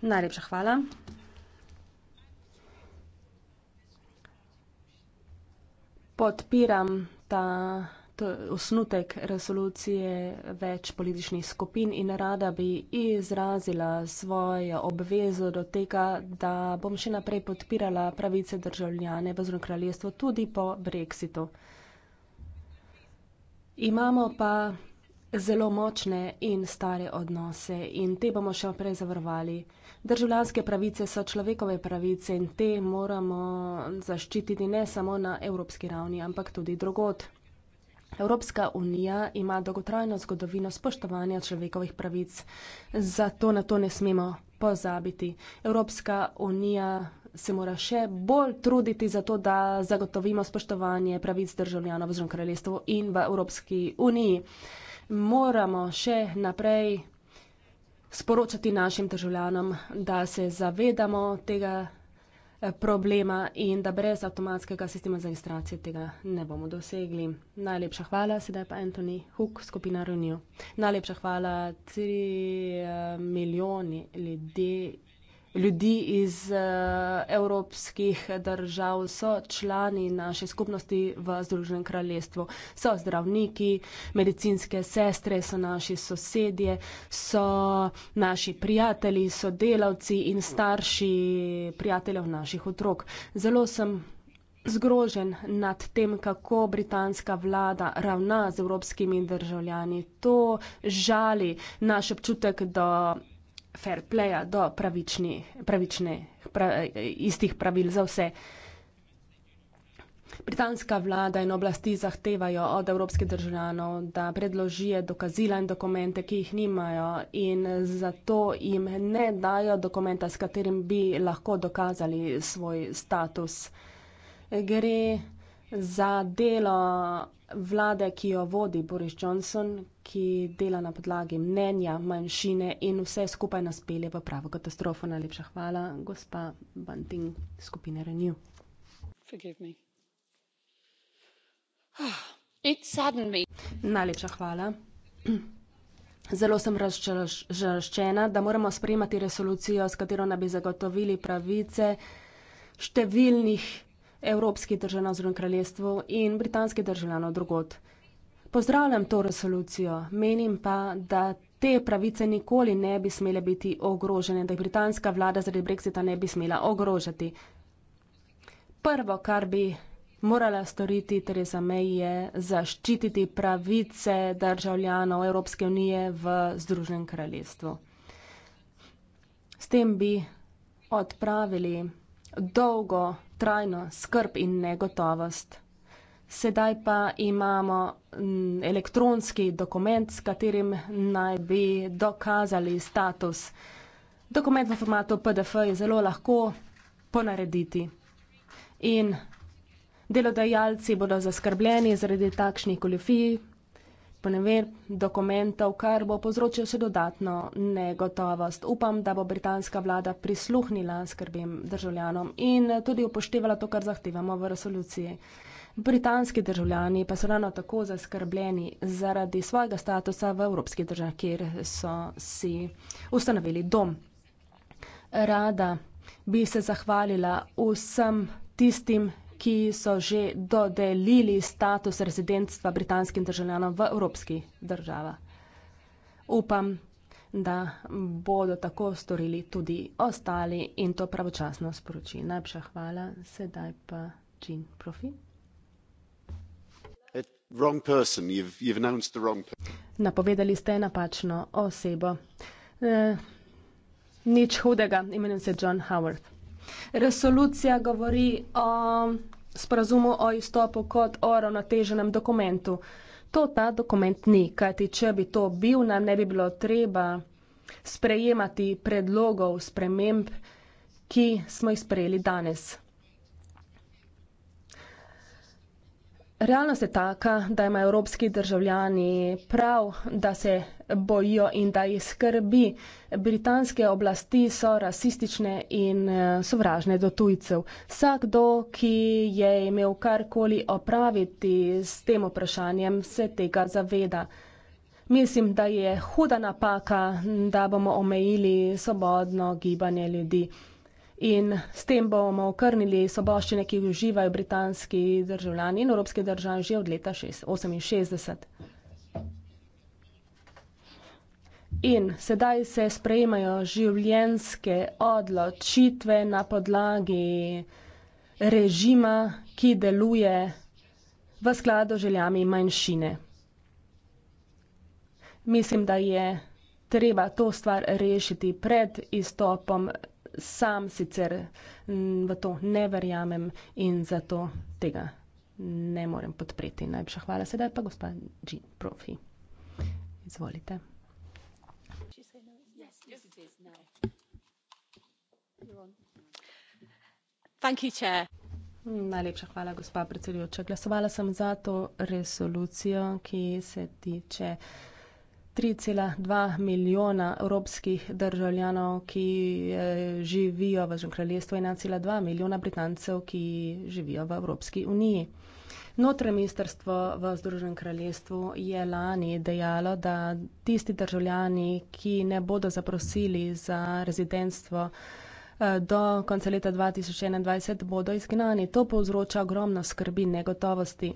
Najlepša hvala. Podpiram ta osnutek resolucije več političnih skupin in rada bi izrazila svojo obvezo do tega, da bom še naprej podpirala pravice državljane v Združenem kraljestvu tudi po brexitu. Imamo pa zelo močne in stare odnose in te bomo še naprej zavrvali. Državljanske pravice so človekove pravice in te moramo zaščititi ne samo na evropski ravni, ampak tudi drugot. Evropska unija ima dolgotrajno zgodovino spoštovanja človekovih pravic, zato na to ne smemo pozabiti. Evropska unija se mora še bolj truditi za to, da zagotovimo spoštovanje pravic državljanov v Združenem kraljestvu in v Evropski uniji moramo še naprej sporočati našim državljanom, da se zavedamo tega eh, problema in da brez avtomatskega sistema za registracijo tega ne bomo dosegli. Najlepša hvala, sedaj pa Anthony Hook, skupina Renew. Najlepša hvala, tri uh, milijoni ljudi ljudi iz eh, evropskih držav, so člani naše skupnosti v Združenem kraljestvu. So zdravniki, medicinske sestre, so naši sosedje, so naši prijatelji, so delavci in starši prijateljev naših otrok. Zelo sem zgrožen nad tem, kako britanska vlada ravna z evropskimi državljani. To žali naš občutek, da fair playa, do pravični, pravične, pra, istih pravil za vse. Britanska vlada in oblasti zahtevajo od evropskih državljanov, da predložijo dokazila in dokumente, ki jih nimajo in zato jim ne dajo dokumenta, s katerim bi lahko dokazali svoj status. Gre za delo vlade, ki jo vodi Boris Johnson, ki dela na podlagi mnenja manjšine in vse skupaj nas pelje v pravo katastrofo. Najlepša hvala, gospa Banting, skupine Renew. Ah, Najlepša hvala. Zelo sem razčaščena, da moramo sprejemati resolucijo, s katero naj bi zagotovili pravice številnih evropskih državljanov zunaj kraljestvu in britanskih državljanov drugot. Pozdravljam to resolucijo, menim pa, da te pravice nikoli ne bi smele biti ogrožene, da jih britanska vlada zaradi brexita ne bi smela ogrožati. Prvo, kar bi morala storiti Theresa May je zaščititi pravice državljanov Evropske unije v Združenem kraljestvu. S tem bi odpravili dolgo, trajno skrb in negotovost. Sedaj pa imamo elektronski dokument, s katerim naj bi dokazali status. Dokument v formatu PDF je zelo lahko ponarediti. In delodajalci bodo zaskrbljeni zaradi takšnih kolifij, poneverb dokumentov, kar bo povzročil še dodatno negotovost. Upam, da bo britanska vlada prisluhnila skrbim državljanom in tudi upoštevala to, kar zahtevamo v resoluciji. Britanski državljani pa so ravno tako zaskrbljeni zaradi svojega statusa v Evropski državi, kjer so si ustanovili dom. Rada bi se zahvalila vsem tistim ki so že dodelili status rezidentstva britanskim državljanom v evropskih državah. Upam, da bodo tako storili tudi ostali in to pravočasno sporoči. Najlepša hvala, sedaj pa Jean Profi. Eh, Napovedali ste napačno osebo. Eh, nič hudega, imenujem se John Howard. Resolucija govori o sporazumu o izstopu kot o ravnoteženem dokumentu. To ta dokument ni, kajti če bi to bil, nam ne bi bilo treba sprejemati predlogov sprememb, ki smo jih sprejeli danes. Realnost je taka, da imajo evropski državljani prav, da se bojijo in da jih skrbi. Britanske oblasti so rasistične in eh, sovražne do tujcev. Vsakdo, ki je imel karkoli opraviti s tem vprašanjem, se tega zaveda. Mislim, da je huda napaka, da bomo omejili svobodno gibanje ljudi in s tem bomo okrnili soboščine, ki jih uživajo britanski državljani in evropski državljani že od leta 1968. In sedaj se sprejemajo življenske odločitve na podlagi režima, ki deluje v skladu željami manjšine. Mislim, da je treba to stvar rešiti pred izstopom sam sicer v to ne verjamem in zato tega ne morem podpreti. Najlepša hvala. Sedaj pa gospa Jean Profi. Izvolite. Najlepša hvala, gospa predsedujoča. Glasovala sem za to resolucijo, ki se tiče. 3,2 milijona evropskih državljanov, ki eh, živijo v Združenem kraljestvu, 1,2 milijona Britancev, ki živijo v Evropski uniji. Notranje ministrstvo v Združenem kraljestvu je lani dejalo, da tisti državljani, ki ne bodo zaprosili za rezidentstvo eh, do konca leta 2021, bodo izgnani. To povzroča ogromno skrbi in negotovosti.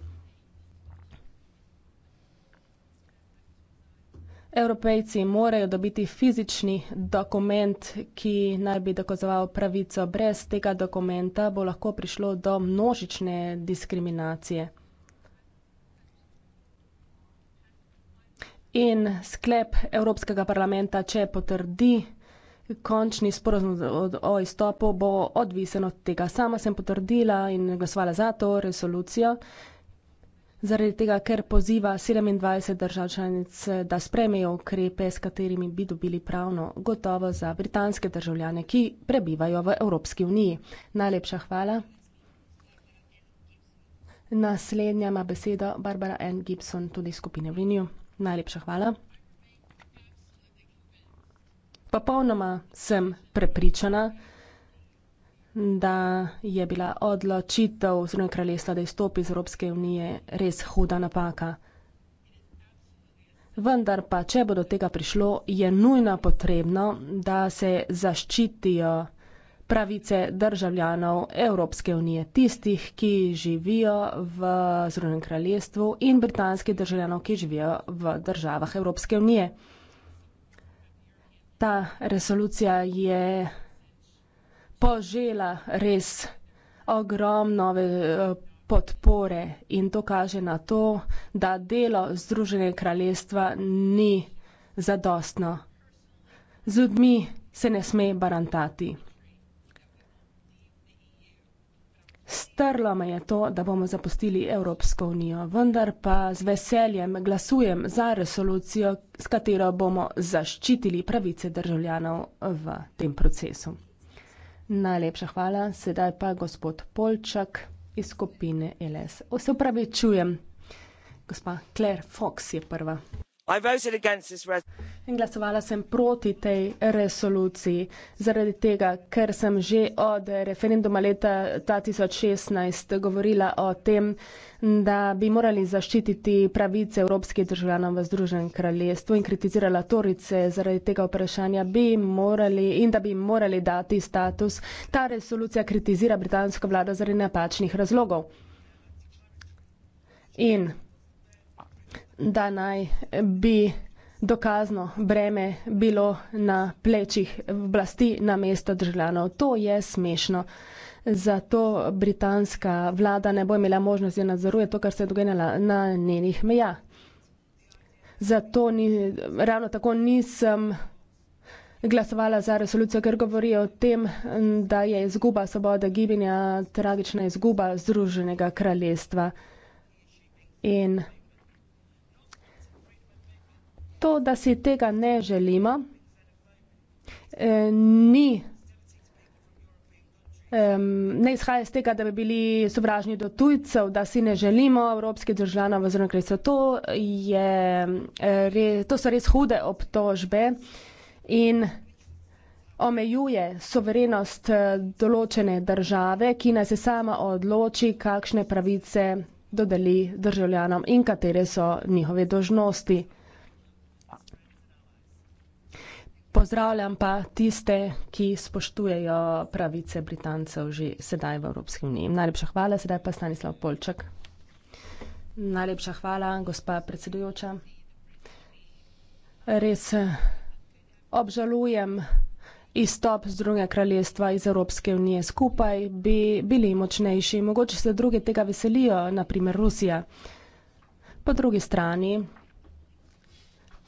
Evropejci morajo dobiti fizični dokument, ki naj bi dokazoval pravico. Brez tega dokumenta bo lahko prišlo do množične diskriminacije. In sklep Evropskega parlamenta, če potrdi končni sporozum o izstopu, bo odvisen od tega. Sama sem potrdila in glasovala za to resolucijo zaradi tega, ker poziva 27 držav članic, da spremejo ukrepe, s katerimi bi dobili pravno gotovo za britanske državljane, ki prebivajo v Evropski uniji. Najlepša hvala. Naslednja ima besedo Barbara N. Gibson, tudi skupine Vinju. Najlepša hvala. Popolnoma sem prepričana, da je bila odločitev Združenega kraljestva, da izstopi iz Evropske unije, res huda napaka. Vendar pa, če bo do tega prišlo, je nujno potrebno, da se zaščitijo pravice državljanov Evropske unije, tistih, ki živijo v Združenem kraljestvu in britanskih državljanov, ki živijo v državah Evropske unije. Ta resolucija je požela res ogromno eh, podpore in to kaže na to, da delo Združenega kraljestva ni zadostno. Z ljudmi se ne sme barantati. Strlo me je to, da bomo zapustili Evropsko unijo, vendar pa z veseljem glasujem za resolucijo, s katero bomo zaščitili pravice državljanov v tem procesu. Najlepša hvala. Sedaj pa gospod Polčak iz skupine LS. O, se upravičujem. Gospa Claire Fox je prva. In glasovala sem proti tej resoluciji, zaradi tega, ker sem že od referenduma leta 2016 govorila o tem, da bi morali zaščititi pravice evropskih državljanov v Združenem kraljestvu in kritizirala Torice zaradi tega vprašanja bi morali in da bi jim morali dati status. Ta resolucija kritizira britansko vlado zaradi napačnih razlogov. In da naj bi dokazno breme bilo na plečih vlasti na mesto državljanov. To je smešno. Zato britanska vlada ne bo imela možnosti nadzoruje to, kar se je dogajalo na njenih meja. Zato ni, ravno tako nisem glasovala za resolucijo, ker govori o tem, da je izguba svobode gibanja tragična izguba Združenega kraljestva. In To, da si tega ne želimo, eh, ni, eh, ne izhaja iz tega, da bi bili sovražni do tujcev, da si ne želimo evropskih državljanov oziroma kresa. To, eh, to so res hude obtožbe in omejuje soverenost eh, določene države, ki naj se sama odloči, kakšne pravice dodeli državljanom in katere so njihove dožnosti. Pozdravljam pa tiste, ki spoštujejo pravice Britancev že sedaj v Evropski uniji. Najlepša hvala, sedaj pa Stanislav Polček. Najlepša hvala, gospa predsedujoča. Res eh, obžalujem izstop z druge kraljestva iz Evropske unije. Skupaj bi bili močnejši. Mogoče se druge tega veselijo, naprimer Rusija. Po drugi strani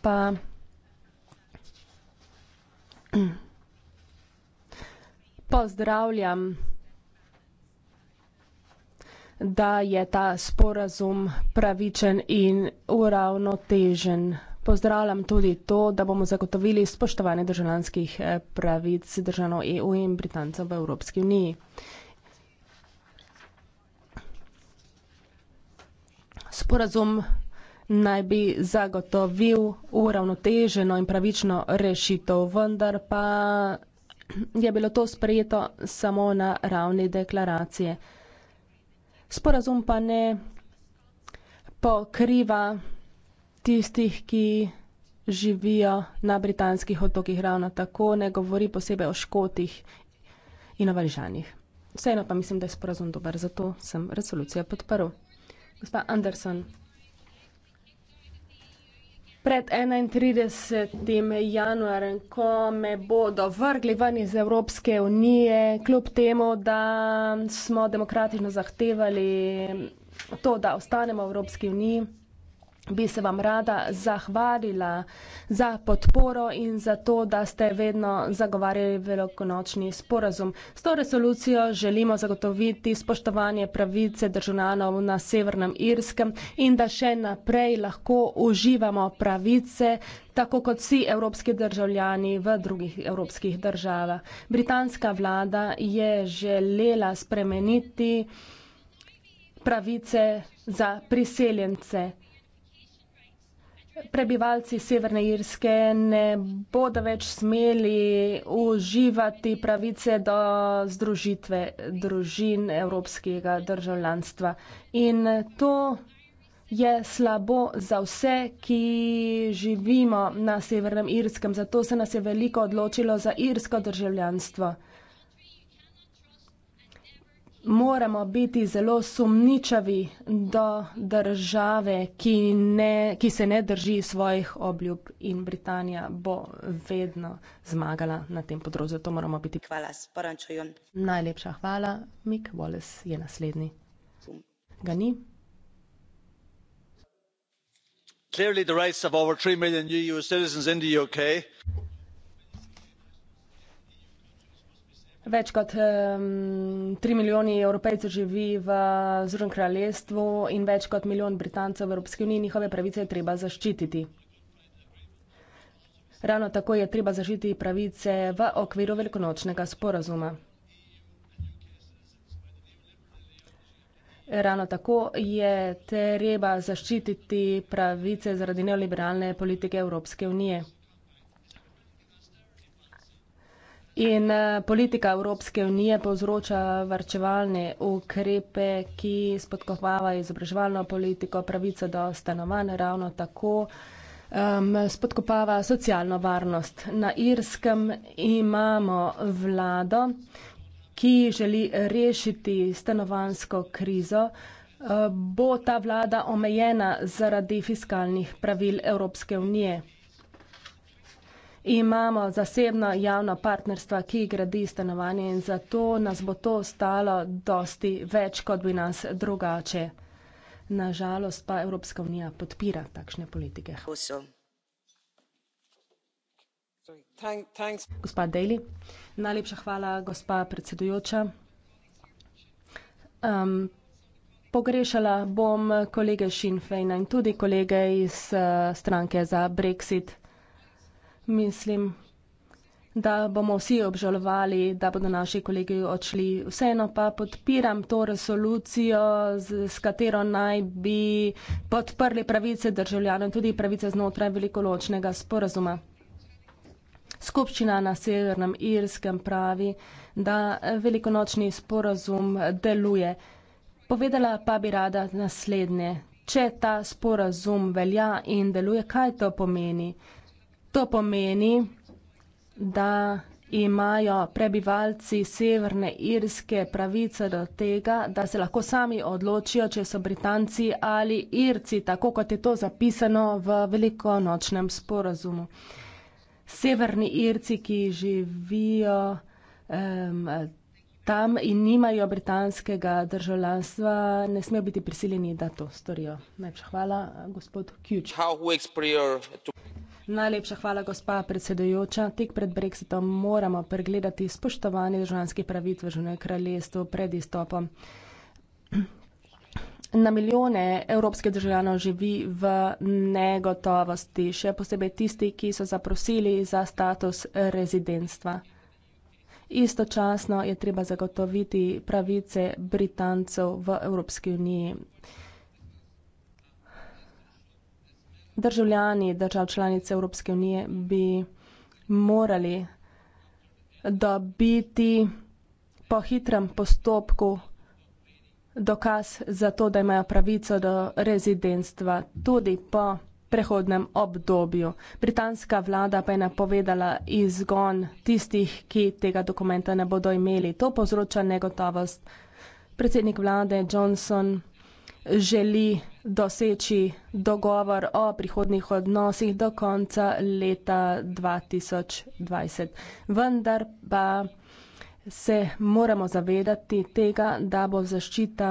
pa. Pozdravljam, da je ta sporazum pravičen in uravnotežen. Pozdravljam tudi to, da bomo zagotovili spoštovanje državljanskih eh, pravic državljanov EU in Britancev v Evropski uniji. Sporazum naj bi zagotovil uravnoteženo in pravično rešitev, vendar pa je bilo to sprejeto samo na ravni deklaracije. Sporazum pa ne pokriva tistih, ki živijo na britanskih otokih ravno tako, ne govori posebej o škotih in o valižanih. Vseeno pa mislim, da je sporazum dober, zato sem resolucijo podprl. Gospa Anderson. Pred 31. januarjem, ko me bodo vrgli ven iz Evropske unije, kljub temu, da smo demokratično zahtevali to, da ostanemo v Evropski uniji bi se vam rada zahvalila za podporo in za to, da ste vedno zagovarjali velokonočni sporazum. S to resolucijo želimo zagotoviti spoštovanje pravice državljanov na Severnem Irskem in da še naprej lahko uživamo pravice, tako kot vsi evropski državljani v drugih evropskih državah. Britanska vlada je želela spremeniti pravice za priseljence prebivalci Severne Irske ne bodo več smeli uživati pravice do združitve družin evropskega državljanstva. In to je slabo za vse, ki živimo na Severnem Irskem. Zato se nas je veliko odločilo za irsko državljanstvo moramo biti zelo sumničavi do države, ki, ne, ki se ne drži svojih obljub in Britanija bo vedno zmagala na tem področju. To moramo biti. Hvala, sporočujem. Najlepša hvala. Mik Wallace je naslednji. Ga ni? Clearly the rights of over 3 million EU citizens in the UK Več kot um, 3 milijoni evropejcev živi v Združenem kraljestvu in več kot milijon Britancev v Evropski uniji. Njihove pravice je treba zaščititi. Ravno tako je treba zaščititi pravice v okviru velikonočnega sporazuma. Ravno tako je treba zaščititi pravice zaradi neoliberalne politike Evropske unije. In eh, politika Evropske unije povzroča varčevalne ukrepe, ki spodkohvavajo izobraževalno politiko, pravico do stanovanj ravno tako. Um, spodkopava socialno varnost. Na Irskem imamo vlado, ki želi rešiti stanovansko krizo. Uh, bo ta vlada omejena zaradi fiskalnih pravil Evropske unije? imamo zasebno javno partnerstva, ki gradi stanovanje in zato nas bo to stalo dosti več, kot bi nas drugače. Nažalost pa Evropska unija podpira takšne politike. Gospa Daly, najlepša hvala, gospa predsedujoča. Um, pogrešala bom kolege Sinn Feina in tudi kolege iz uh, stranke za Brexit mislim, da bomo vsi obžalovali, da bodo naši kolegi odšli. Vseeno pa podpiram to resolucijo, z, z katero naj bi podprli pravice državljanov in tudi pravice znotraj velikoločnega sporazuma. Skupščina na Severnem Irskem pravi, da velikonočni sporazum deluje. Povedala pa bi rada naslednje. Če ta sporazum velja in deluje, kaj to pomeni? To pomeni, da imajo prebivalci Severne Irske pravico do tega, da se lahko sami odločijo, če so Britanci ali Irci, tako kot je to zapisano v velikonočnem sporazumu. Severni Irci, ki živijo um, tam in nimajo britanskega državljanstva, ne smejo biti prisiljeni, da to storijo. Najprej hvala, gospod Kjuč. Najlepša hvala, gospa predsedujoča. Tik pred brexitom moramo pregledati spoštovanje državljanskih pravic v Žene kraljestvu pred izstopom. Na milijone evropskih državljanov živi v negotovosti, še posebej tisti, ki so zaprosili za status rezidentstva. Istočasno je treba zagotoviti pravice Britancev v Evropski uniji državljani držav članice Evropske unije bi morali dobiti po hitrem postopku dokaz za to, da imajo pravico do rezidentstva tudi po prehodnem obdobju. Britanska vlada pa je napovedala izgon tistih, ki tega dokumenta ne bodo imeli. To povzroča negotovost. Predsednik vlade Johnson želi doseči dogovor o prihodnih odnosih do konca leta 2020. Vendar pa se moramo zavedati tega, da bo zaščita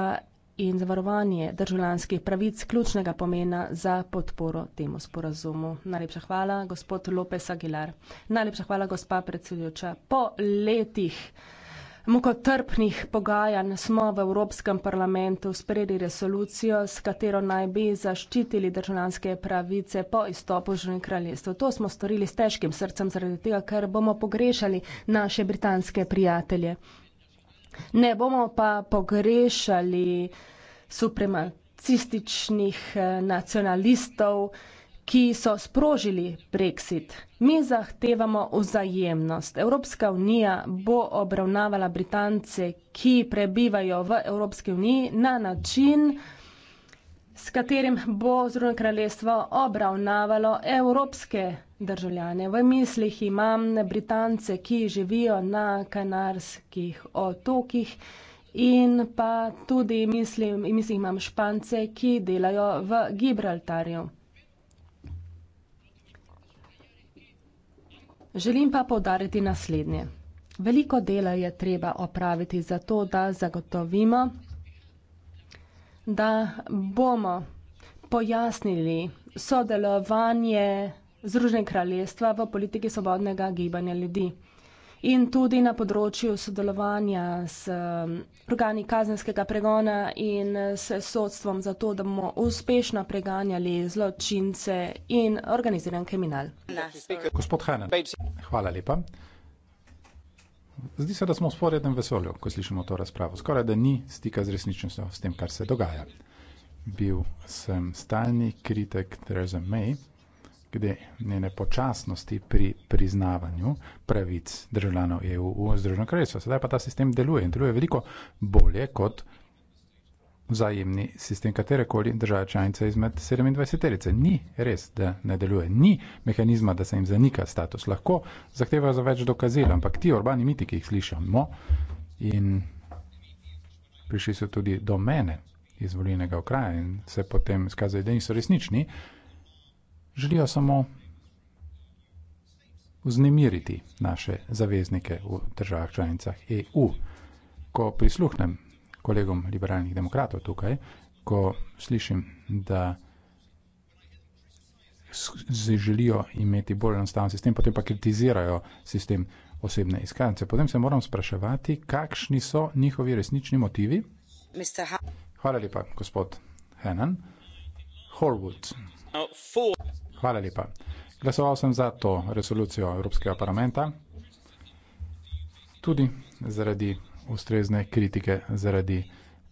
in zavarovanje državljanskih pravic ključnega pomena za podporo temu sporazumu. Najlepša hvala, gospod Lopes Aguilar. Najlepša hvala, gospa predsedujoča. Po letih mukotrpnih pogajanj smo v Evropskem parlamentu sprejeli resolucijo, s katero naj bi zaščitili državljanske pravice po izstopu Združenih kraljestv. To smo storili s težkim srcem, zaradi tega, ker bomo pogrešali naše britanske prijatelje. Ne bomo pa pogrešali supremacističnih eh, nacionalistov, ki so sprožili brexit. Mi zahtevamo vzajemnost. Evropska unija bo obravnavala Britance, ki prebivajo v Evropski uniji na način, s katerim bo Združeno kraljestvo obravnavalo evropske državljane. V mislih imam Britance, ki živijo na Kanarskih otokih in pa tudi mislim, mislim imam Špance, ki delajo v Gibraltarju. Želim pa povdariti naslednje. Veliko dela je treba opraviti za to, da zagotovimo, da bomo pojasnili sodelovanje Združenega kraljestva v politiki svobodnega gibanja ljudi in tudi na področju sodelovanja s um, organi kazenskega pregona in s sodstvom za to, da bomo uspešno preganjali zločince in organiziran kriminal. Gospod Hanen, hvala lepa. Zdi se, da smo v sporednem vesolju, ko slišimo to razpravo. Skoraj da ni stika z resničnostjo, s tem, kar se dogaja. Bil sem stalni kritik Theresa May glede njene počasnosti pri priznavanju pravic državljanov EU v Združenem kraljestvu. Sedaj pa ta sistem deluje in deluje veliko bolje kot vzajemni sistem katerekoli države članice izmed 27. -terice. Ni res, da ne deluje. Ni mehanizma, da se jim zanika status. Lahko zahtevajo za več dokazil, ampak ti urbani miti, ki jih slišamo in prišli so tudi do mene iz volilnega okraja in se potem skazali, da niso resnični, želijo samo vznemiriti naše zaveznike v državah članicah EU. Ko prisluhnem kolegom liberalnih demokratov tukaj, ko slišim, da želijo imeti bolj enostaven sistem, potem pa kritizirajo sistem osebne izkaznice. Potem se moram spraševati, kakšni so njihovi resnični motivi. Hvala lepa, gospod Henan. Horwood. Uh, Hvala lepa. Glasoval sem za to resolucijo Evropskega parlamenta, tudi zaradi ustrezne kritike, zaradi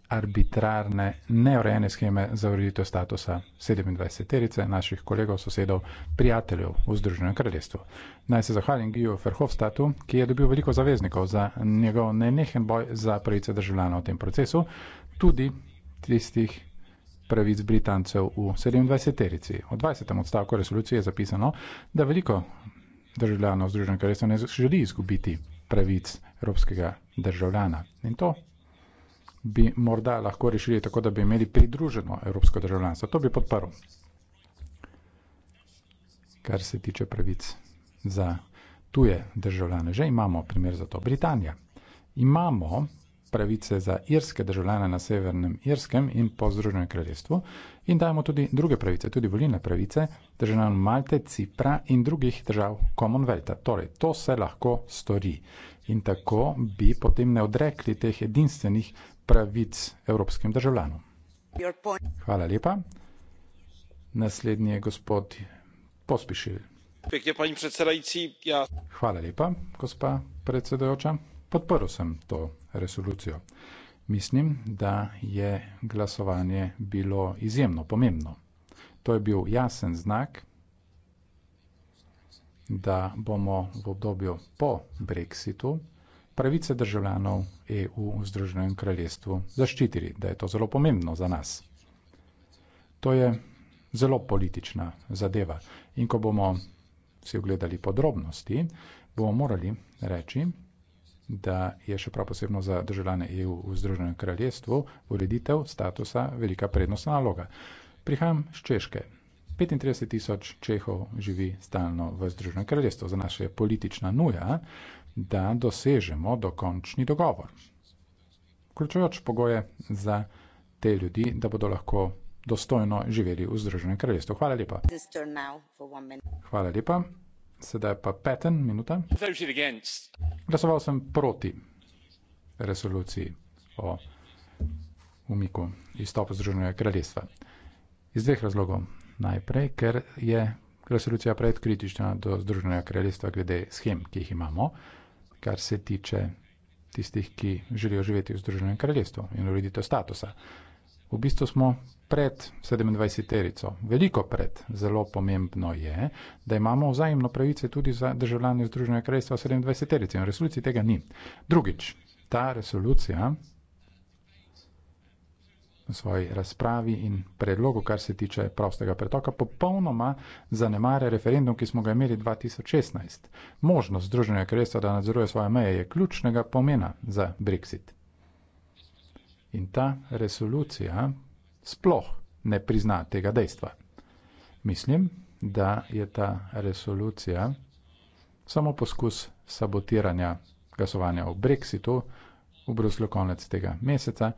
arbitrarne, neurejene scheme za ureditev statusa 27-terice naših kolegov, sosedov, prijateljev v Združenem kraljestvu. Naj se zahvalim Giju Ferhofstatu, ki je dobil veliko zaveznikov za njegov nenehen boj za pravice državljanov v tem procesu, tudi tistih, pravic Britancev v 27-terici. V 20. odstavku resolucije je zapisano, da veliko državljanov Združenega kraljestva ne želi izgubiti pravic evropskega državljana. In to bi morda lahko rešili tako, da bi imeli pridruženo evropsko državljanstvo. To bi podparil, kar se tiče pravic za tuje državljane. Že imamo primer za to. Britanija. Imamo pravice za irske državljane na severnem Irskem in po Združenem kraljestvu in dajemo tudi druge pravice, tudi volilne pravice državljanom Malte, Cipra in drugih držav Commonwealtha. Torej, to se lahko stori in tako bi potem ne odrekli teh edinstvenih pravic evropskim državljanom. Hvala lepa. Naslednji je gospod Pospišil. Ja. Hvala lepa, gospa predsedujoča podporil sem to resolucijo. Mislim, da je glasovanje bilo izjemno pomembno. To je bil jasen znak, da bomo v obdobju po Brexitu pravice državljanov EU v Združenem kraljestvu zaščitili, da je to zelo pomembno za nas. To je zelo politična zadeva. In ko bomo si ogledali podrobnosti, bomo morali reči, da je še prav posebno za državljane EU v Združenem kraljestvu ureditev statusa velika prednostna naloga. Prihajam z Češke. 35 tisoč Čehov živi stalno v Združenem kraljestvu. Za nas je politična nuja, da dosežemo dokončni dogovor, vključujoč pogoje za te ljudi, da bodo lahko dostojno živeli v Združenem kraljestvu. Hvala lepa. Hvala lepa. Sedaj pa peten minuta. Glasoval sem proti resoluciji o umiku izstopa Združenega kraljestva. Iz dveh razlogov. Najprej, ker je resolucija predkritična do Združenega kraljestva glede schem, ki jih imamo, kar se tiče tistih, ki želijo živeti v Združenem kraljestvu in ureditev statusa v bistvu smo pred 27-terico, veliko pred. Zelo pomembno je, da imamo vzajemno pravice tudi za državljanje Združenega kraljestva 27-terice in v resoluciji tega ni. Drugič, ta resolucija v svoji razpravi in predlogu, kar se tiče prostega pretoka, popolnoma zanemare referendum, ki smo ga imeli 2016. Možnost Združenega kraljestva, da nadzoruje svoje meje, je ključnega pomena za Brexit. In ta resolucija sploh ne prizna tega dejstva. Mislim, da je ta resolucija samo poskus sabotiranja glasovanja o Brexitu v Bruslju konec tega meseca,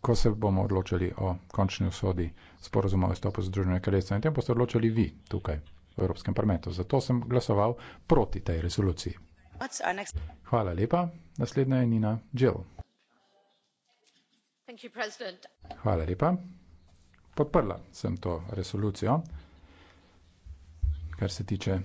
ko se bomo odločili o končni usodi sporozuma o stopu Združenja kraljestva in tem boste odločili vi tukaj v Evropskem parlamentu. Zato sem glasoval proti tej resoluciji. Hvala lepa. Naslednja je Nina Jill. Hvala lepa. Podprla sem to resolucijo, kar se tiče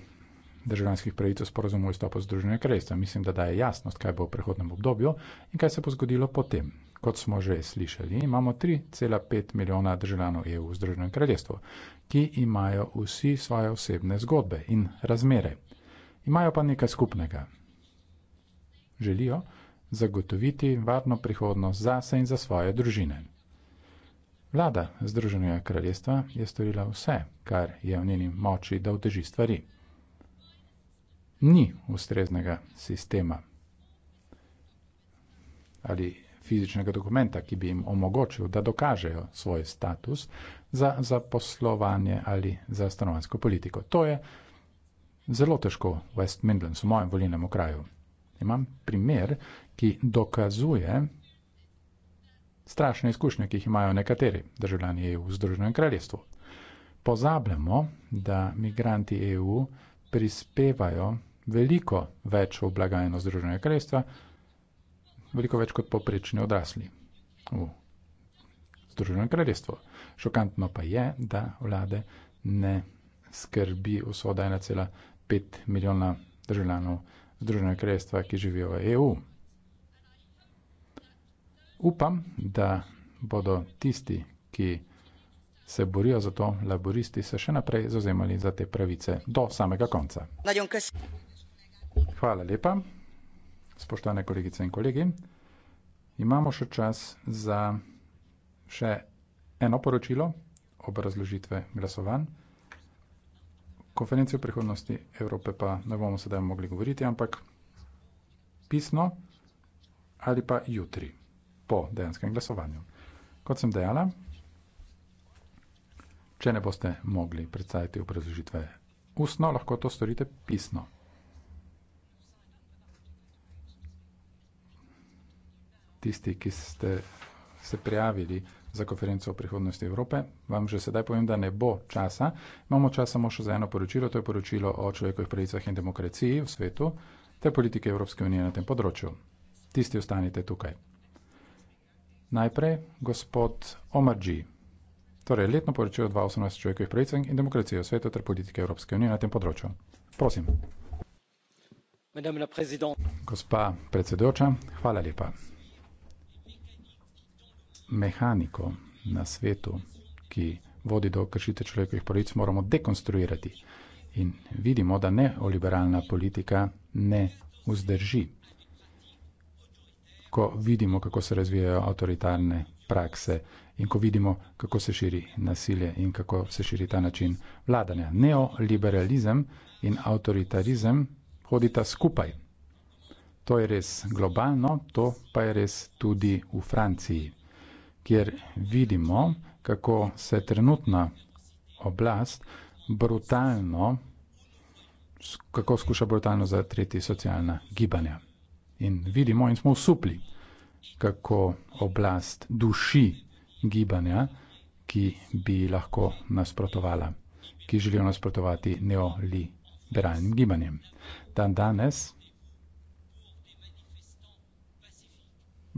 državljanskih pravic v sporozumu o izstopu Združenega kraljestva. Mislim, da daje jasnost, kaj bo v prehodnem obdobju in kaj se bo zgodilo potem. Kot smo že slišali, imamo 3,5 milijona državljanov EU v Združenem kraljestvu, ki imajo vsi svoje osebne zgodbe in razmere. Imajo pa nekaj skupnega. Želijo, zagotoviti varno prihodnost zase in za svoje družine. Vlada Združenega kraljestva je storila vse, kar je v njeni moči, da oteži stvari. Ni ustreznega sistema ali fizičnega dokumenta, ki bi jim omogočil, da dokažejo svoj status za zaposlovanje ali za stanovansko politiko. To je zelo težko v West Midlands, v mojem volilnem okraju. Imam primer ki dokazuje strašne izkušnje, ki jih imajo nekateri državljani EU v Združenem kraljestvu. Pozabljamo, da migranti EU prispevajo veliko več v blagajno Združenega kraljestva, veliko več kot poprečni odrasli v Združenem kraljestvu. Šokantno pa je, da vlade ne skrbi usoda 1,5 milijona državljanov Združenega kraljestva, ki živijo v EU upam, da bodo tisti, ki se borijo za to, laboristi, se še naprej zauzemali za te pravice do samega konca. Hvala lepa, spoštovane kolegice in kolegi. Imamo še čas za še eno poročilo ob razložitve glasovanj. Konferenci o prihodnosti Evrope pa ne bomo sedaj mogli govoriti, ampak pisno ali pa jutri po dejanskem glasovanju. Kot sem dejala, če ne boste mogli predstaviti obrazložitve ustno, lahko to storite pisno. Tisti, ki ste se prijavili za konferenco o prihodnosti Evrope, vam že sedaj povem, da ne bo časa. Imamo čas samo še za eno poročilo, to je poročilo o človekovih pravicah in demokraciji v svetu ter politike Evropske unije na tem področju. Tisti ostanite tukaj. Najprej gospod Omarji. Torej, letno poročilo 2018 človekovih pravic in demokracije v svetu ter politike Evropske unije na tem področju. Prosim. Gospa predsedujoča, hvala lepa. Mehaniko na svetu, ki vodi do kršitev človekovih pravic, moramo dekonstruirati. In vidimo, da neoliberalna politika ne vzdrži ko vidimo, kako se razvijajo avtoritarne prakse in ko vidimo, kako se širi nasilje in kako se širi ta način vladanja. Neoliberalizem in avtoritarizem hodita skupaj. To je res globalno, to pa je res tudi v Franciji, kjer vidimo, kako se trenutna oblast brutalno, kako skuša brutalno zatreti socialna gibanja. In vidimo in smo usupli, kako oblast duši gibanja, ki bi lahko nasprotovala, ki želijo nasprotovati neoliberalnim gibanjem. Dan danes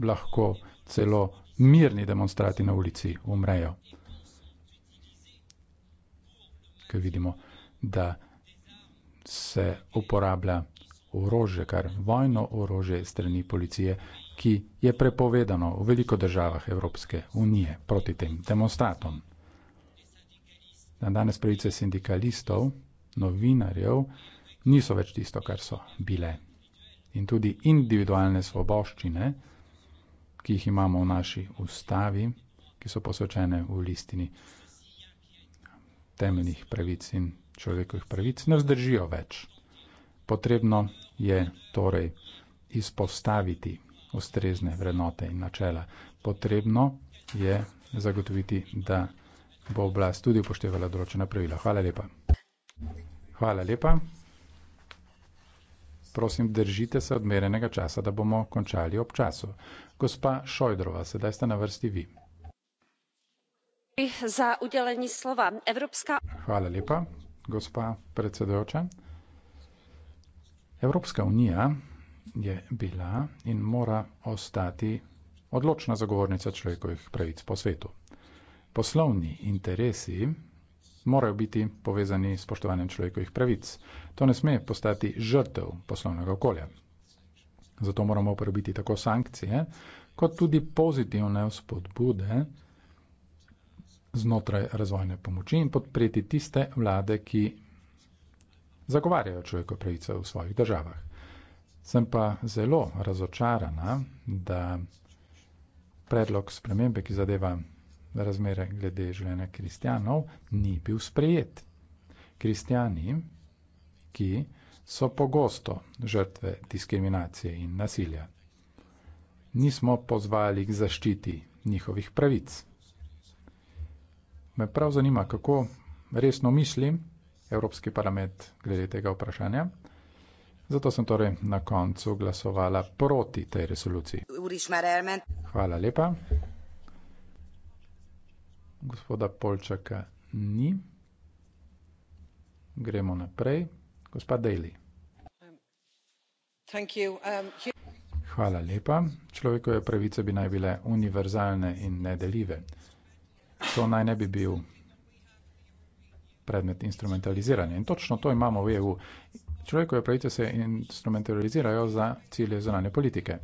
lahko celo mirni demonstrati na ulici umrejo. Ker vidimo, da se uporablja orožje, kar vojno orožje strani policije, ki je prepovedano v veliko državah Evropske unije proti tem demonstratom. Na danes pravice sindikalistov, novinarjev niso več tisto, kar so bile. In tudi individualne svoboščine, ki jih imamo v naši ustavi, ki so posvečene v listini temeljnih pravic in človekovih pravic, ne vzdržijo več. Potrebno je torej izpostaviti ustrezne vrednote in načela. Potrebno je zagotoviti, da bo oblast tudi upoštevala določena pravila. Hvala lepa. Hvala lepa. Prosim, držite se odmerenega časa, da bomo končali ob času. Gospa Šojdrova, sedaj ste na vrsti vi. Za udelenje slova. Evropska... Hvala lepa, gospa predsedujoča. Evropska unija je bila in mora ostati odločna zagovornica človekovih pravic po svetu. Poslovni interesi morajo biti povezani s spoštovanjem človekovih pravic. To ne sme postati žrtev poslovnega okolja. Zato moramo uporabiti tako sankcije, kot tudi pozitivne spodbude znotraj razvojne pomoči in podpreti tiste vlade, ki zagovarjajo človekove pravice v svojih državah. Sem pa zelo razočarana, da predlog spremembe, ki zadeva razmere glede življenja kristjanov, ni bil sprejet. Kristjani, ki so pogosto žrtve diskriminacije in nasilja, nismo pozvali k zaščiti njihovih pravic. Me prav zanima, kako resno mislim, Evropski parlament glede tega vprašanja. Zato sem torej na koncu glasovala proti tej resoluciji. Hvala lepa. Gospoda Polčaka ni. Gremo naprej. Gospa Daly. Um, Hvala lepa. Človekove pravice bi naj bile univerzalne in nedeljive. To naj ne bi bil predmet instrumentaliziranja. In točno to imamo v EU. Človekove pravice se instrumentalizirajo za cilje zunanje politike.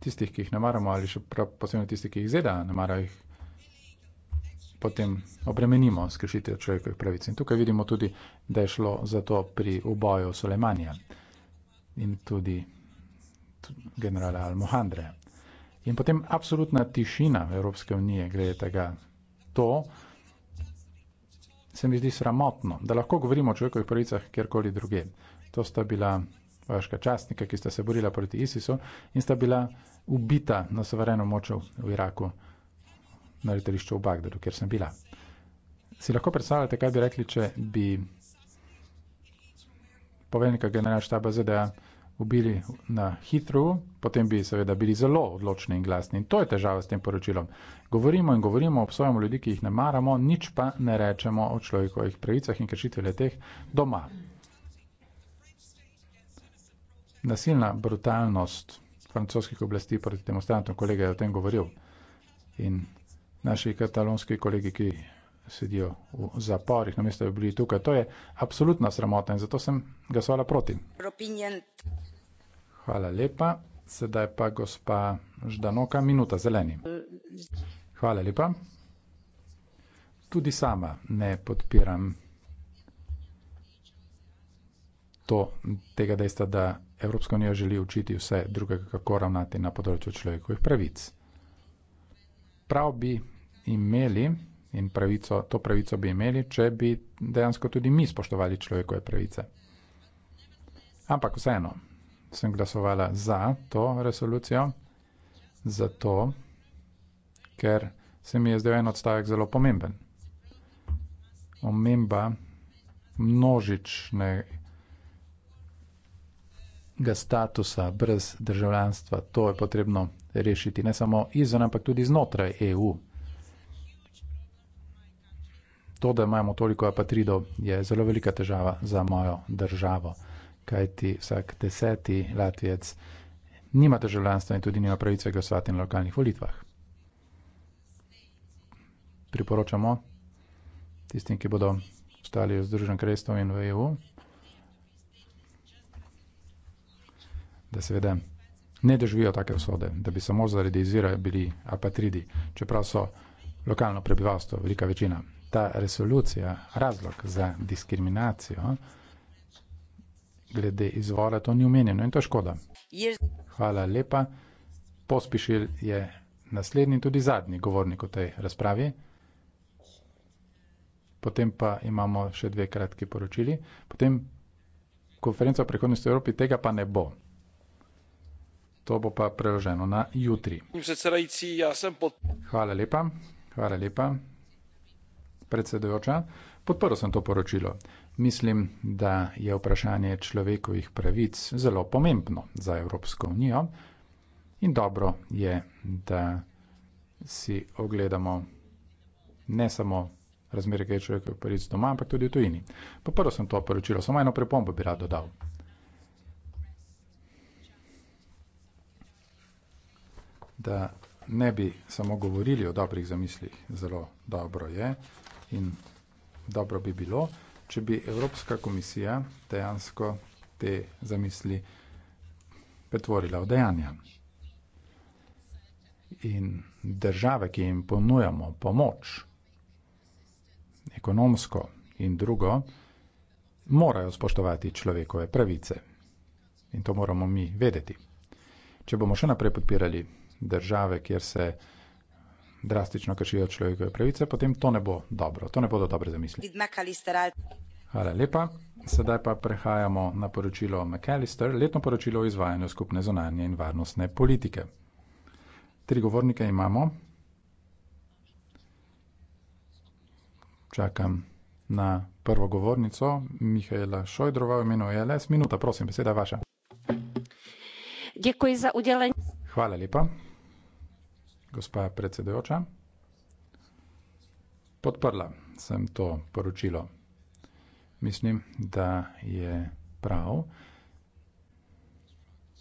Tistih, ki jih ne maramo, ali še prav posebno tistih, ki jih zeda, ne marajo jih, potem obremenimo s kršitev človekovih pravic. In tukaj vidimo tudi, da je šlo za to pri uboju Sulejmanija in tudi generala Almohandre. In potem absolutna tišina Evropske unije glede tega to, se mi zdi sramotno, da lahko govorimo o človekovih pravicah kjerkoli druge. To sta bila vaška častnika, ki sta se borila proti ISIS-u in sta bila ubita na sovereno močo v Iraku na letališču v Bagdadu, kjer sem bila. Si lahko predstavljate, kaj bi rekli, če bi poveljnika generalštaba ZDA ubili na hitru, potem bi seveda bili zelo odločni in glasni. In to je težava s tem poročilom. Govorimo in govorimo, obsojamo ljudi, ki jih ne maramo, nič pa ne rečemo o človekovih pravicah in kršitve leteh doma. Nasilna brutalnost francoskih oblasti proti demonstrantom, kolega je o tem govoril. In naši katalonski kolegi, ki sedijo v zaporih, namesto da bi bili tukaj. To je absolutna sramota in zato sem glasovala proti. Hvala lepa. Sedaj pa gospa Ždanoka, minuta zeleni. Hvala lepa. Tudi sama ne podpiram to, tega dejstva, da Evropska unija želi učiti vse druge, kako ravnati na področju človekovih pravic. Prav bi imeli in pravico, to pravico bi imeli, če bi dejansko tudi mi spoštovali človekove pravice. Ampak vseeno sem glasovala za to resolucijo, zato ker se mi je zdaj en odstavek zelo pomemben. Omemba množičnega statusa brez državljanstva, to je potrebno rešiti ne samo izven, ampak tudi znotraj EU to, da imamo toliko apatridov, je zelo velika težava za mojo državo. Kaj ti vsak deseti Latvijec nima državljanstva in tudi nima pravice glasovati na lokalnih volitvah? Priporočamo tistim, ki bodo ostali v Združenem kraljestvu in v EU, da seveda ne doživijo take usode, da bi samo zaradi izvira bili apatridi, čeprav so lokalno prebivalstvo velika večina ta resolucija razlog za diskriminacijo. Glede izvora to ni umenjeno in to škoda. Hvala lepa. Pospišil je naslednji in tudi zadnji govornik v tej razpravi. Potem pa imamo še dve kratki poročili. Potem konferenca o prihodnosti Evropi tega pa ne bo. To bo pa preloženo na jutri. Hvala lepa. Hvala lepa predsedujoča, podprl sem to poročilo. Mislim, da je vprašanje človekovih pravic zelo pomembno za Evropsko unijo in dobro je, da si ogledamo ne samo razmere, kaj je človekov pravic doma, ampak tudi v tujini. Podprl sem to poročilo, samo eno pripombo bi rad dodal. Da ne bi samo govorili o dobrih zamislih, zelo dobro je, in dobro bi bilo, če bi Evropska komisija dejansko te zamisli pretvorila v dejanja. In države, ki jim ponujamo pomoč, ekonomsko in drugo, morajo spoštovati človekove pravice. In to moramo mi vedeti. Če bomo še naprej podpirali države, kjer se drastično kršijo človekove pravice, potem to ne bo dobro, to ne bodo dobre zamisli. Hvala lepa. Sedaj pa prehajamo na poročilo McAllister, letno poročilo o izvajanju skupne zonanje in varnostne politike. Tri govornike imamo. Čakam na prvo govornico, Mihajla Šojdrova, imenu e LS. Minuta, prosim, beseda je vaša. Hvala lepa gospa predsedojoča, podprla sem to poročilo. Mislim, da je prav,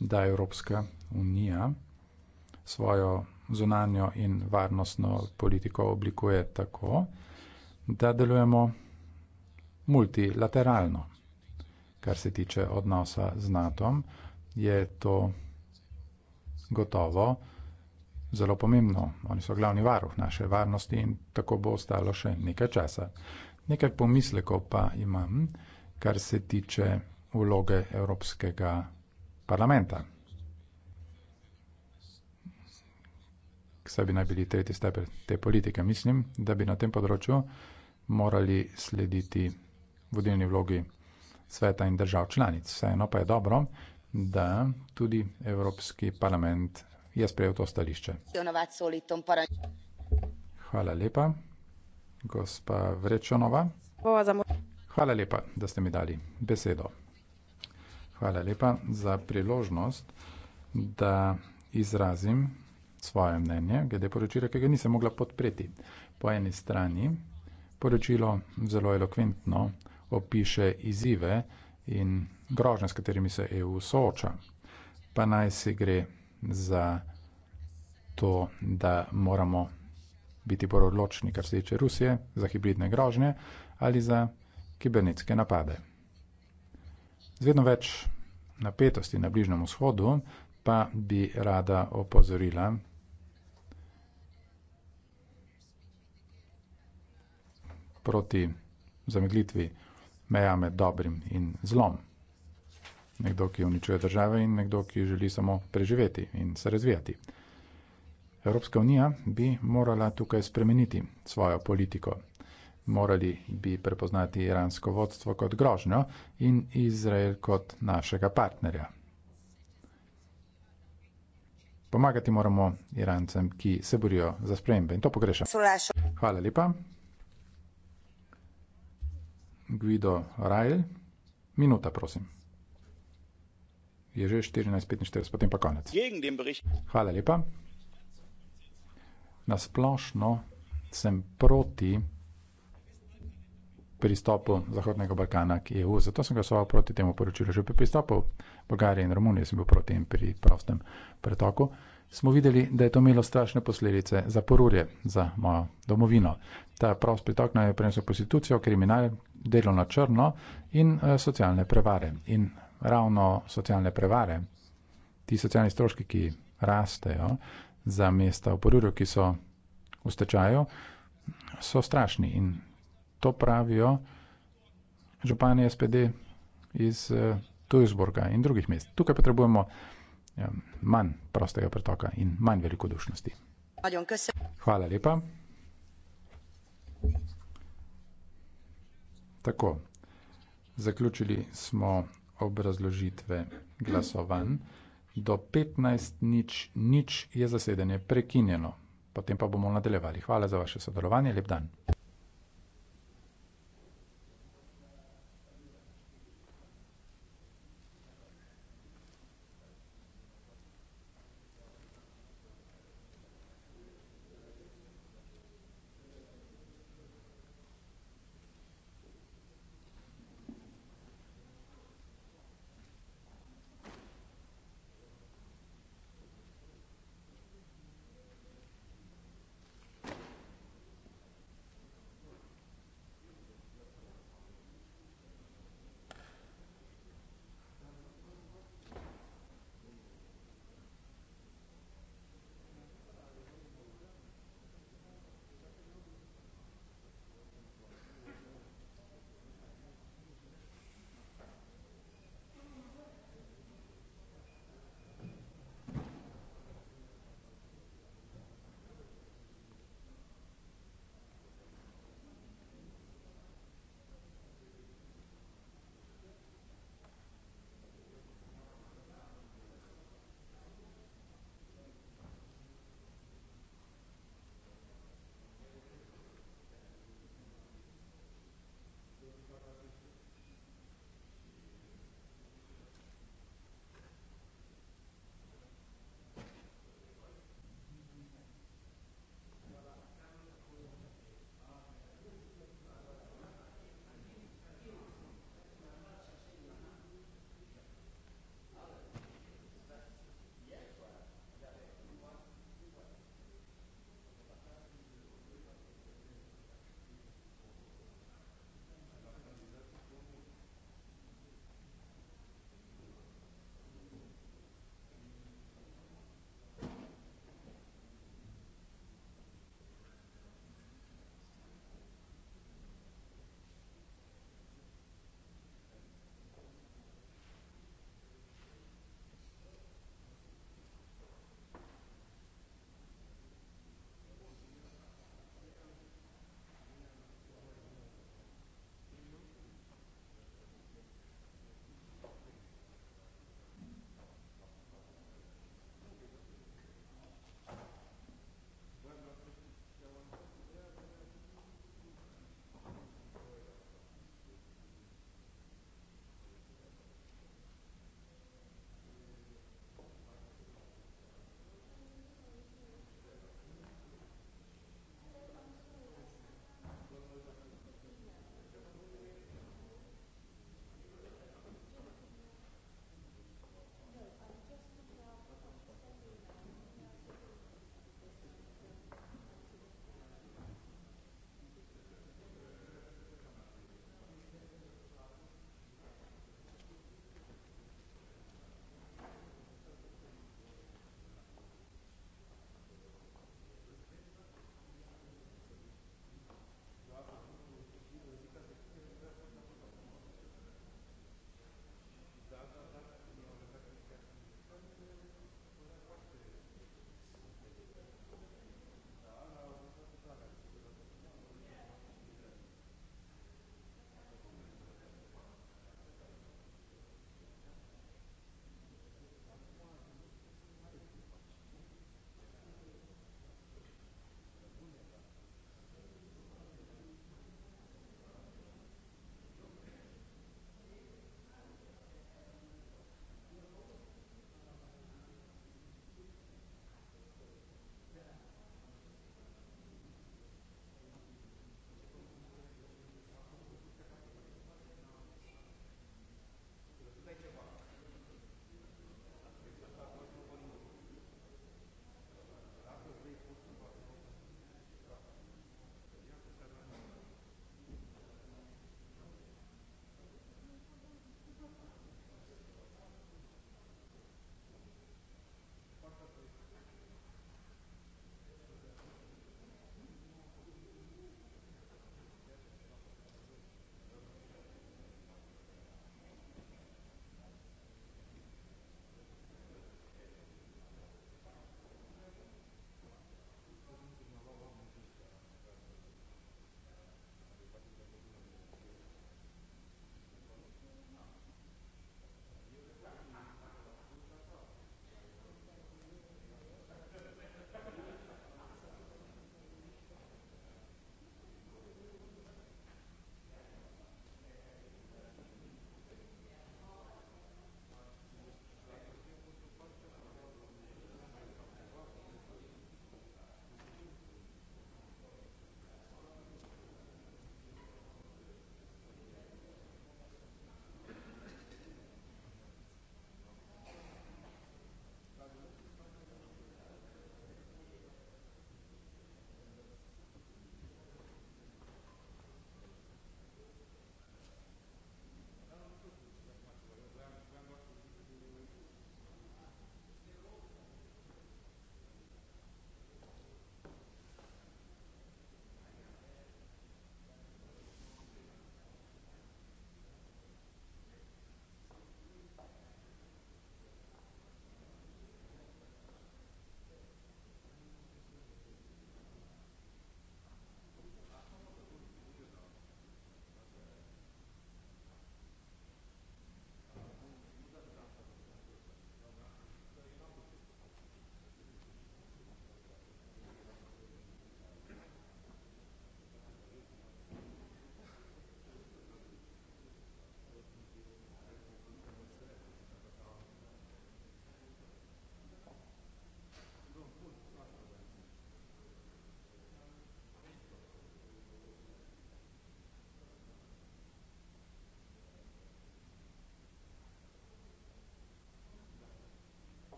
da Evropska unija svojo zunanjo in varnostno politiko oblikuje tako, da delujemo multilateralno. Kar se tiče odnosa z NATO, je to gotovo zelo pomembno. Oni so glavni varuh naše varnosti in tako bo ostalo še nekaj časa. Nekaj pomislekov pa imam, kar se tiče vloge Evropskega parlamenta. Saj bi naj bili tretji stepel te politike. Mislim, da bi na tem področju morali slediti vodilni vlogi sveta in držav članic. Vseeno pa je dobro, da tudi Evropski parlament je sprejel to stališče. Hvala lepa. Gospa Vrečonova. Hvala lepa, da ste mi dali besedo. Hvala lepa za priložnost, da izrazim svoje mnenje glede poročila, ki ga nisem mogla podpreti. Po eni strani poročilo zelo elokventno opiše izzive in grožnje, s katerimi se EU sooča. Pa naj si gre za to, da moramo biti bolj odločni, kar se tiče Rusije, za hibridne grožnje ali za kibernetske napade. Z vedno več napetosti na Bližnjem vzhodu pa bi rada opozorila proti zameglitvi meja med dobrim in zlom. Nekdo, ki uničuje države in nekdo, ki želi samo preživeti in se razvijati. Evropska unija bi morala tukaj spremeniti svojo politiko. Morali bi prepoznati iransko vodstvo kot grožnjo in Izrael kot našega partnerja. Pomagati moramo Irancem, ki se borijo za spremembe in to pogrešam. Hvala lepa. Guido Rajl, minuta prosim je že 14:45, potem pa konec. Hvala lepa. Nasplošno sem proti pristopu Zahodnega Balkana k EU, zato sem glasoval proti temu poročilu. Že pri pristopu Bolgarije in Romunije sem bil proti in pri prostem pretoku. Smo videli, da je to imelo strašne posledice za porurje, za mojo domovino. Ta prost pritok naj prinesel prostitucijo, kriminal, delo na črno in e, socialne prevare. In ravno socialne prevare, ti socialni stroški, ki rastejo za mesta v Poruru, ki so v stečaju, so strašni in to pravijo župani SPD iz Tujzburga eh, in drugih mest. Tukaj potrebujemo eh, manj prostega pretoka in manj velikodušnosti. Hvala lepa. Tako, zaključili smo obrazložitve glasovanj. Do 15.00 je zasedanje prekinjeno, potem pa bomo nadaljevali. Hvala za vaše sodelovanje, lep dan.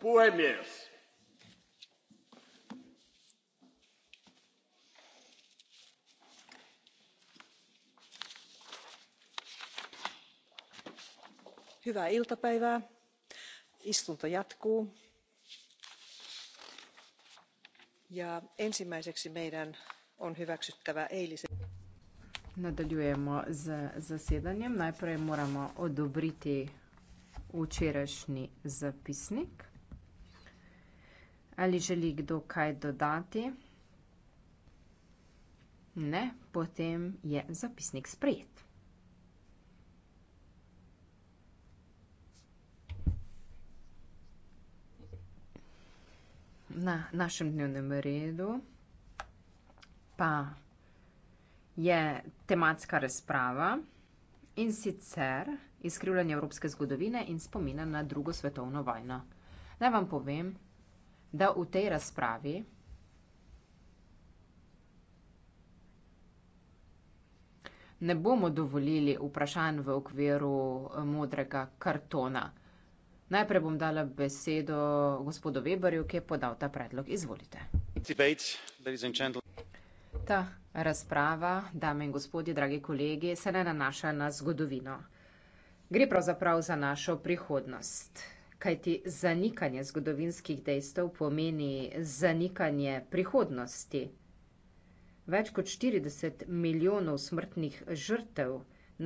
puhemies hyvää iltapäivää istunto jatkuu ja ensimmäiseksi meidän on hyväksyttävä eilisen Nadaljujemo z zasedanjem. Najprej moramo odobriti včerajšnji zapisnik. Ali želi kdo kaj dodati? Ne, potem je zapisnik sprejet. Na našem dnevnem redu pa je tematska razprava in sicer izkrivljanje evropske zgodovine in spomina na drugo svetovno vojno. Naj vam povem, da v tej razpravi ne bomo dovolili vprašanj v okviru eh, modrega kartona. Najprej bom dala besedo gospodu Weberju, ki je podal ta predlog. Izvolite. Ta razprava, dame in gospodje, dragi kolegi, se ne nanaša na zgodovino. Gre pravzaprav za našo prihodnost kajti zanikanje zgodovinskih dejstev pomeni zanikanje prihodnosti. Več kot 40 milijonov smrtnih žrtev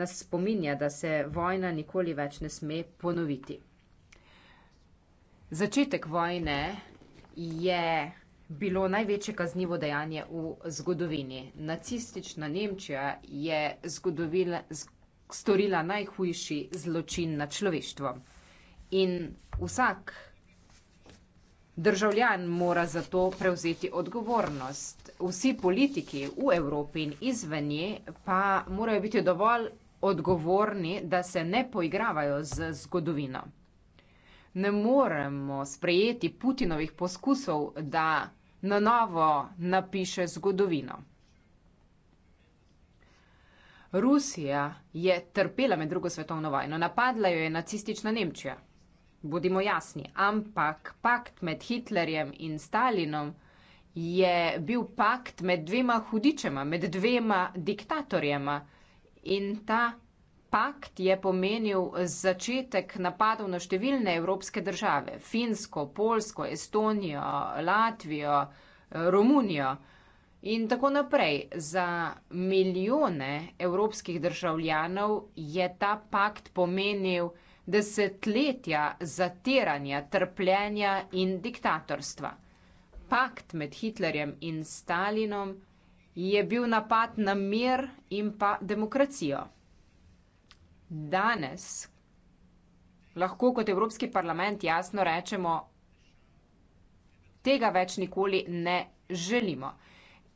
nas spominja, da se vojna nikoli več ne sme ponoviti. Začetek vojne je bilo največje kaznivo dejanje v zgodovini. Nacistična Nemčija je storila najhujši zločin na človeštvo. In vsak državljan mora za to prevzeti odgovornost. Vsi politiki v Evropi in izven nje pa morajo biti dovolj odgovorni, da se ne poigravajo z zgodovino. Ne moremo sprejeti Putinovih poskusov, da na novo napiše zgodovino. Rusija je trpela med drugo svetovno vojno, napadla jo je nacistična Nemčija. Bodimo jasni, ampak pakt med Hitlerjem in Stalinom je bil pakt med dvema hudičema, med dvema diktatorjema. In ta pakt je pomenil začetek napadov na številne evropske države, Finsko, Polsko, Estonijo, Latvijo, Romunijo in tako naprej. Za milijone evropskih državljanov je ta pakt pomenil, da je desetletja zatiranja, trpljenja in diktatorstva. Pakt med Hitlerjem in Stalinom je bil napad na mir in pa demokracijo. Danes lahko kot Evropski parlament jasno rečemo, tega več nikoli ne želimo.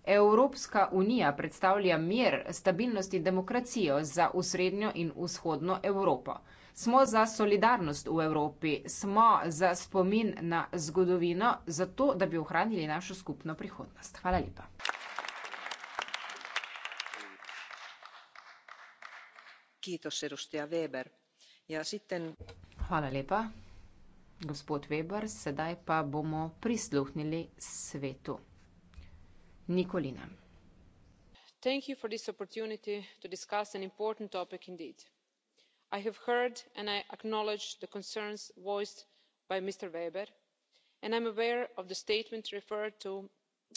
Evropska unija predstavlja mir, stabilnost in demokracijo za usrednjo in vzhodno Evropo. Smo za solidarnost v Evropi, smo za spomin na zgodovino, zato da bi ohranili našo skupno prihodnost. Hvala lepa. Ja Hvala lepa, gospod Weber. Sedaj pa bomo prisluhnili svetu. Nikolina. Hvala lepa za priložnost, da bi razpravljali o pomembnem vprašanju i have heard and i acknowledge the concerns voiced by mr weber and i'm aware of the statement referred to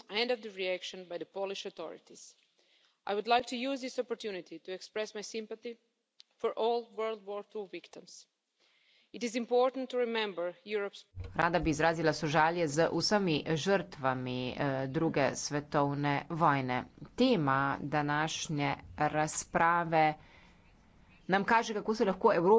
and of the reaction by the polish authorities. i would like to use this opportunity to express my sympathy for all world war ii victims. it is important to remember europe's. rada bi izrazila sožalje z vsemi žrtvami eh, druge svetovne vojne. tema današnje razprave nam kaže, kako se lahko Evropa.